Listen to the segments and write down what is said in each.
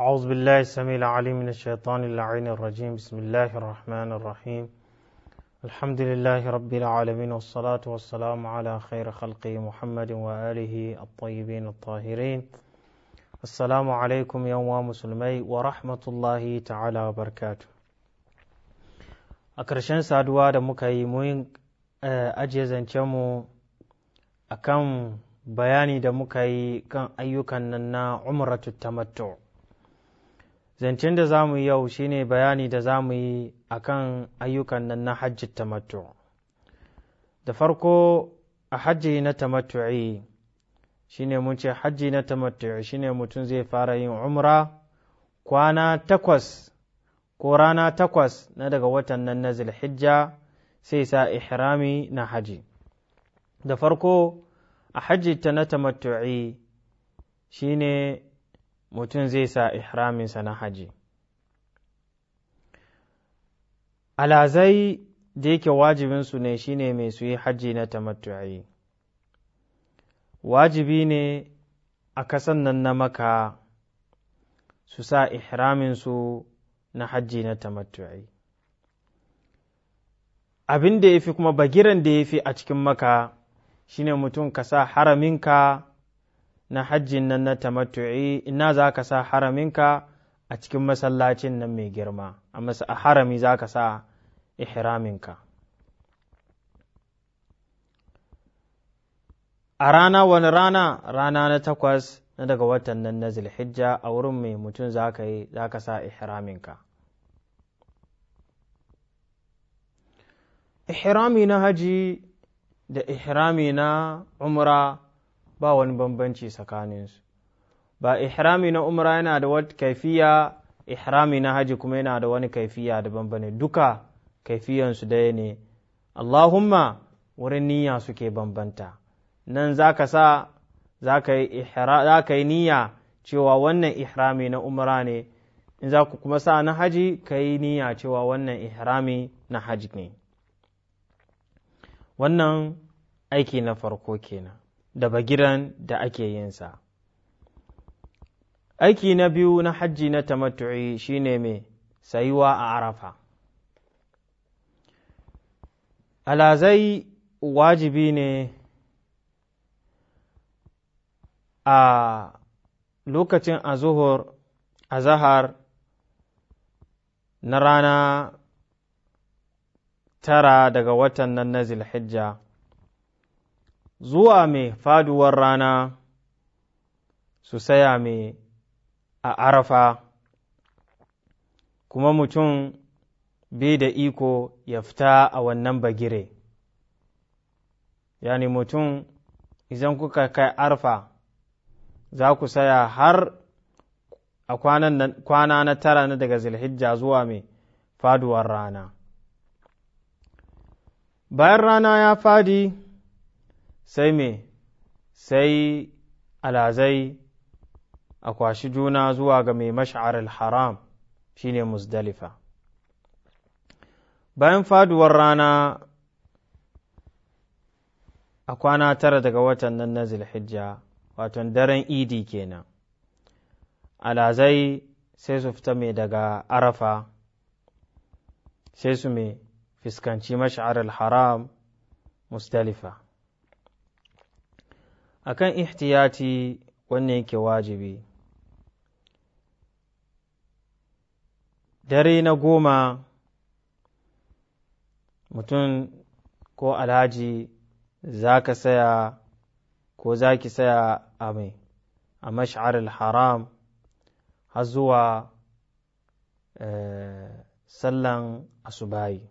أعوذ بالله السميع العليم من الشيطان اللعين الرجيم بسم الله الرحمن الرحيم الحمد لله رب العالمين والصلاة والسلام على خير خلقه محمد وآله الطيبين الطاهرين السلام عليكم يوم مسلمي ورحمة الله تعالى وبركاته a ƙarshen saduwa da muka yi mun ajiye zancenmu a kan bayani da muka yi kan ayyukan nan na umratu tamattu zancen da za mu yau shine bayani da za mu yi a kan ayyukan nan na hajji tamattu da farko a hajji na tamattu'i shine mun ce hajji na tamattu'i shine mutum zai fara yin umra kwana takwas ko rana takwas na daga watan nan na zilhijja sai sa ihrami na haji da farko a hajji ta na tamattu'i shine mutum zai sa ihraminsa na haji alazai da yake wajibinsu ne shine mai su yi hajji na tamattu'i wajibi ne a kasan nan na maka su sa ihraminsu na hajji na tamattu'i abin da ya fi kuma bagiran da ya fi a cikin maka shine mutum ka sa haraminka na hajjin nan na tamattu'i ina za ka sa haraminka a cikin masallacin nan mai girma a harami za ka sa ihraminka a rana wani rana rana na takwas na daga watan nan na zilhijja a wurin mai mutum za ka yi za ka sa ihraminka ihrami na haji da ihrami na umra ba wani bambanci tsakaninsu ba ihrami na umra yana da wata kaifiya ihrami na haji kuma yana da wani kaifiya daban bane duka kaifiyansu daya ne allahumma wurin niyya suke bambanta nan za ka sa za ka yi niyya cewa wannan ihrami na umra ne in za ku kuma sa na haji ka yi niyya cewa wannan ihrami na haji ne wannan aiki na farko kenan da bagiran da ake yinsa aiki na biyu na hajji na tamattu'i shine mai sayuwa a arafa alazai wajibi ne a lokacin azuhur azahar na rana tara daga watan nan na zilhijja zuwa mai faduwar rana su saya mai a arafa kuma mutum bai da iko ya fita a wannan bagire yani mutum idan kuka kai arfa za ku saya har a kwana na tara na daga zilhijja zuwa mai faduwar rana bayan rana ya fadi sai me sai alazai a kwashi juna zuwa ga mai mash'ar haram shine muzdalifa bayan faduwar rana a kwana tara daga watan nan na zilhijja waton daren idi kenan alazai sai su fita mai daga arafa sai su mai fiskanci mash'ar haram mustalifa akan ihtiyati wannan yake wajibi dare na goma mutum ko alhaji za ka saya ko za ki saya a mai a mash'ar haram har zuwa eh, sallan asubayi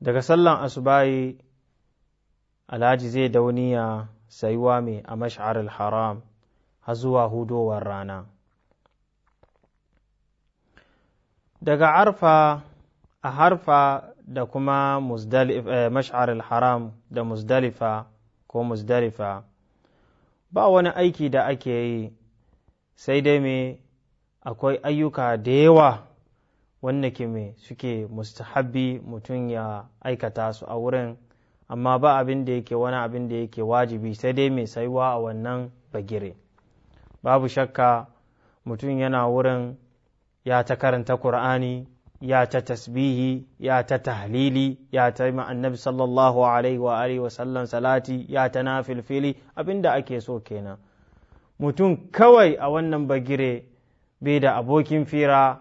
daga sallan Asubayi alhaji zai dauniya sayuwa mai a mashar haram har zuwa hudowar rana daga arfa a harfa da kuma eh, mashar haram da muzdalifa ko muzdalifa ba wani aiki da ake yi sai dai me akwai ayyuka da yawa wanda ke suke mustahabbi mutum ya aikata su a wurin amma ba abin da yake wani abin da yake wajibi sai dai mai saiwa a wannan bagire babu shakka mutum yana wurin ya ta karanta Kur'ani, ya ta tasbihi, ya ta tahlili, ya ta annabi sallallahu alaihi wa alihi wasallam salati, ya ta nafilfili, abin da ake so kenan. Mutum kawai a wannan bagire bai da abokin fira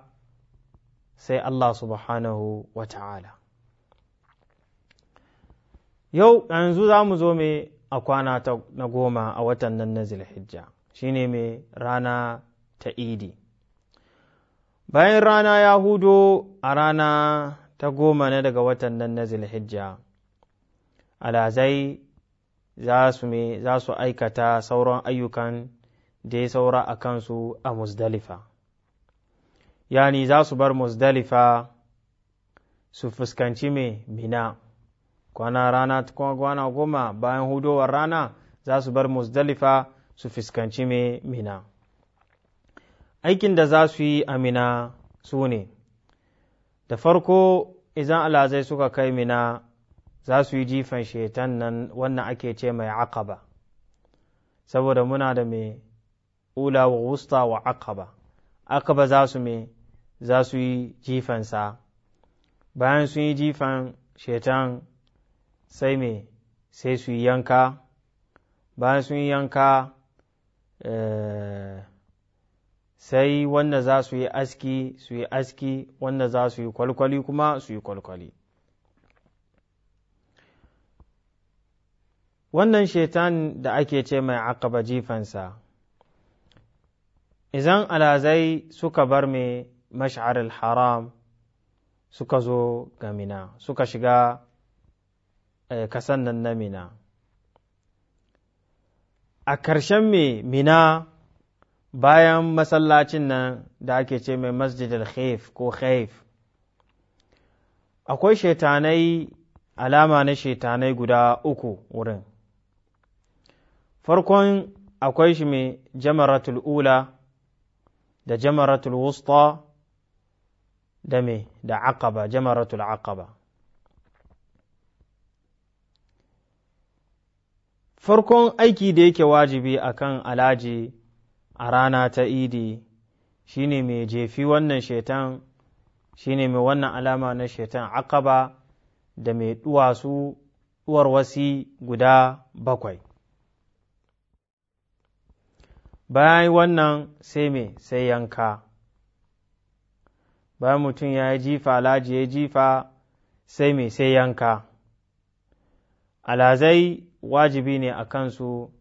sai Allah subhanahu wa ta'ala. Yau yanzu za mu zo mai a kwana na goma a watan nan na Zulhijja, shi ne mai rana ta Idi. Bayan rana ya hudo a rana ta goma na daga watan nan na Zulhijja, alazai za su aikata sauran ayyukan da ya saura a kansu a Musdalifa. yani za su bar musdalifa su fuskanci mai mina kwana rana kwana goma bayan hudowar rana za su bar musdalifa su fuskanci mai mina aikin da za su yi a mina su ne da farko izan alazai suka kai mina za su yi jifan shetan nan wannan ake ce mai aqaba saboda muna da mai ula wa wusta wa aqaba aqaba za su mai za su yi jifansa bayan sun yi jifan shetan sai me sai su yi yanka bayan sun yi yanka eh, sai wanda za su yi aski su yi aski wanda za su yi kwalkwali kuma su yi kwalkwali wannan shetan da ake ce mai akaba jifansa izan alazai suka bar mai mash'aril haram suka zo ga mina suka shiga kasan nan na mina a ƙarshen mai mina bayan masallacin nan da ake ce mai masjidil khaif ko khaif akwai shetanai alama na shetanai guda uku wurin farkon akwai shi mai jamaratul ula da jamaratul wusta da me da aqaba jamaratul aqaba farkon aiki da yake wajibi akan alaji a rana ta idi shine mai jefi wannan shetan shine mai wannan alama na shetan aqaba da mai duwatsu wasi guda bakwai bayan wannan sai mai sai yanka bayan mutum ya yi jifa alhaji ya jifa sai mai sai yanka alazai wajibi ne a kansu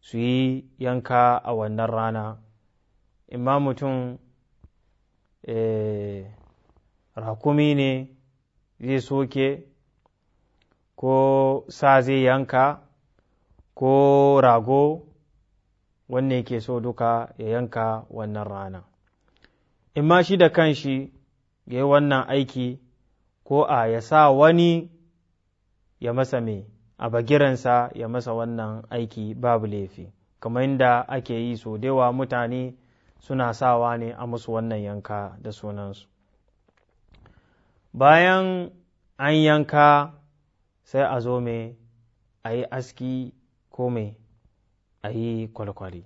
su yi yanka a wannan rana imma mutum eh, rakumi ne zai soke ko sa zai yanka ko rago wanne ke so duka ya yanka wannan rana in ma shi da kanshi ya yi wannan aiki ko a ya sa wani ya masa Me a bagiransa ya masa wannan aiki babu laifi kamar inda ake yi so dewa mutane suna sawa ne a musu wannan yanka da sunansu bayan an yanka sai a zo me a yi aski ko me a yi kwalkwali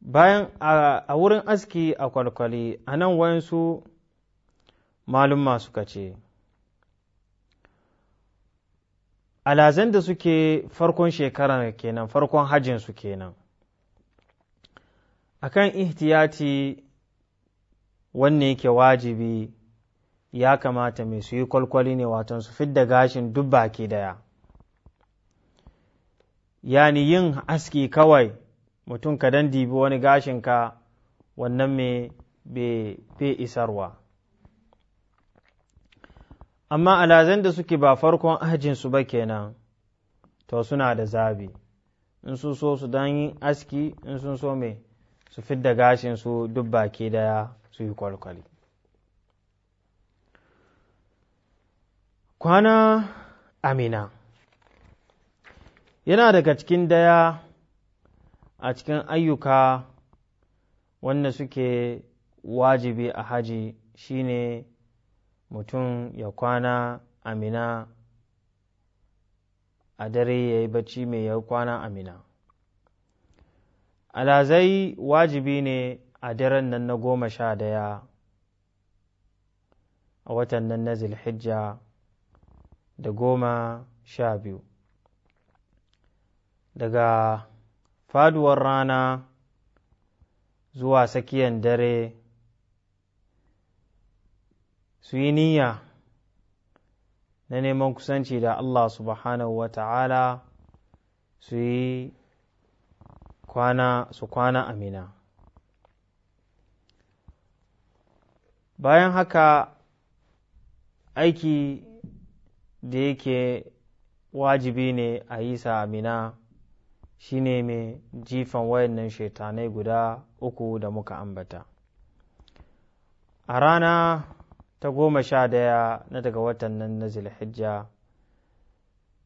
bayan a wurin aski a kwalkwali a nan wayansu malumma suka ce alazan da suke farkon shekara kenan farkon hajjin su kenan akan ihtiyati wanne yake wajibi ya kamata mai su yi kwalkwali ne watan su fidda gashin duk baki daya yani yin aski kawai mutum ka dan dibi wani gashinka wannan me bai isarwa amma alazan da suke ba farkon ajin su ba kenan to suna da zabi in su so su dan yi aski in sun so me su fidda gashin su duk baki daya su yi kwalkwali kwana amina yana daga cikin daya a cikin ayyuka wanda suke wajibi a haji shine mutum ya kwana amina a dare ya yi bacci mai ya kwana amina alazai wajibi ne a daren nan na goma sha daya a watan nan na zilhijja da goma sha biyu daga faduwar rana zuwa tsakiyar dare su yi niyya na neman kusanci da Allah subhanahu wa ta'ala su yi kwana su kwana amina bayan haka aiki da yake wajibi ne a yi sa amina shine mai jifan wayannan shaitanai guda uku da muka ambata a rana ta goma sha daya na daga watan nan na zilhijja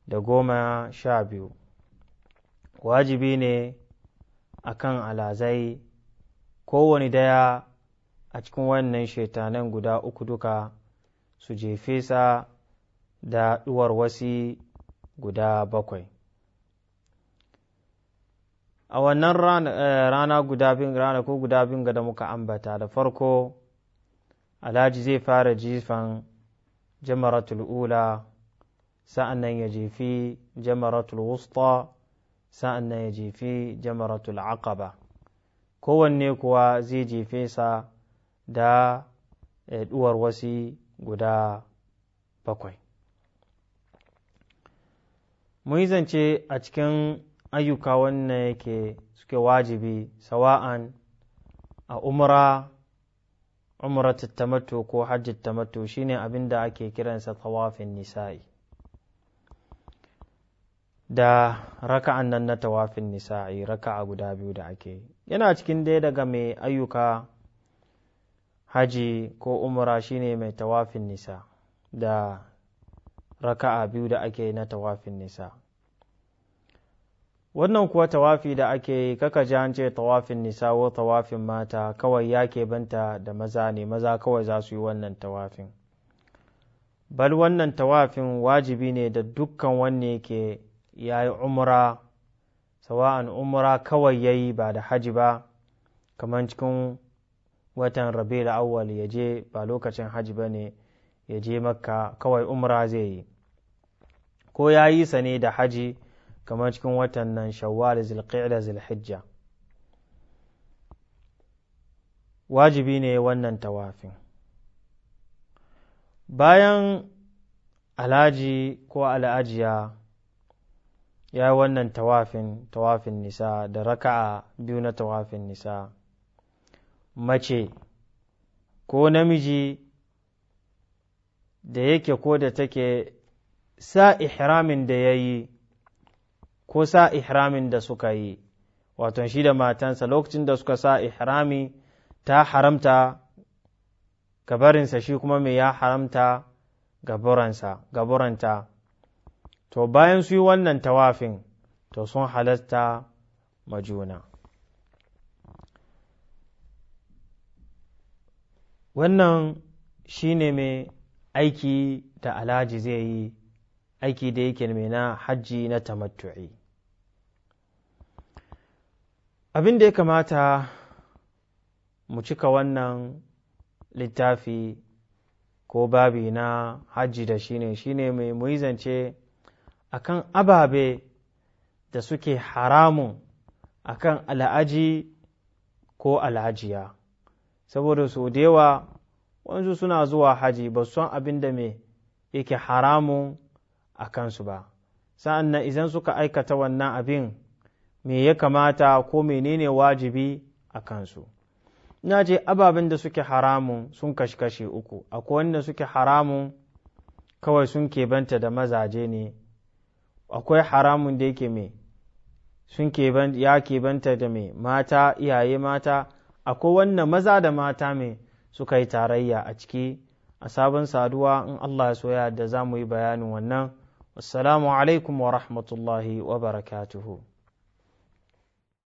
da goma sha biyu wajibi ne a kan alazai kowane daya a cikin wannan shaitanan guda uku duka su jefe sa da ɗuwar wasi guda bakwai a wannan rana eh, guda bin rana ko guda bin da muka ambata da farko alhaji zai fara jifan jamaratul ula sa'an nan ya jefi jamaratul wusta sa'an nan ya jefi jamaratul aqaba kowanne kuwa zai jefe sa da ɗuwar eh, wasi guda bakwai mun yi zance a cikin ayyuka wannan yake suke wajibi sawa'an a umra umratul tamattu ko hajjul tamattu shine abin da ake kiransa tawafin nisa'i da raka'an nan na tawafin nisa'i raka'a guda biyu da ake yana cikin dai daga mai ayyuka haji ko umra shine mai tawafin nisa da raka'a biyu da ake na tawafin nisa' wannan kuwa tawafi da ake yi kaka ji ce tawafin nisa ko tawafin mata kawai ya ke banta da maza ne maza kawai za su yi wannan tawafin bal wannan tawafin wajibi ne da dukkan wanne ke ya yi umra sawa'an umra kawai ya yi ba da haji ba kamar cikin watan rabi da awwal ya je ba lokacin haji ba ne ya je makka kawai umra zai yi ko ya yi sa ne da haji kamar cikin watan nan shawwal zilqa'da zilhijja wajibi ne wannan tawafin bayan alhaji ko al'ajiya ya yi wannan tawafin tawafin nisa da raka'a biyu na tawafin nisa mace ko namiji da yake ko da take sa ihramin da ya yi ko sa ihramin da suka yi wato shi da matansa lokacin da suka sa ihrami ta haramta gabarinsa shi kuma mai ya haramta gaburanta to bayan su yi wannan tawafin to sun halasta majuna wannan shi ne mai aiki da alhaji zai yi aiki da yake mai na hajji na tamattu'i abin da ya kamata mu cika wannan littafi ko babi na hajji da shine shine mai muizance akan ababe da suke haramun akan al'aji ko alhajiya saboda su dewa wanzu suna zuwa haji ba san abin da me yake haramun a kansu ba sa'an nan idan suka aikata wannan abin me ya kamata ko menene wajibi a kansu na je ababen da suke haramun sun kashe-kashe uku akwai wanda suke haramun kawai sun kebanta da mazaje ne akwai haramun da yake mai sun ya kebanta da mai mata iyaye mata akwai wanda maza da mata mai suka yi tarayya a ciki a sabon saduwa in allah ya soya da za mu yi bayanin wannan والسلام عليكم ورحمه الله وبركاته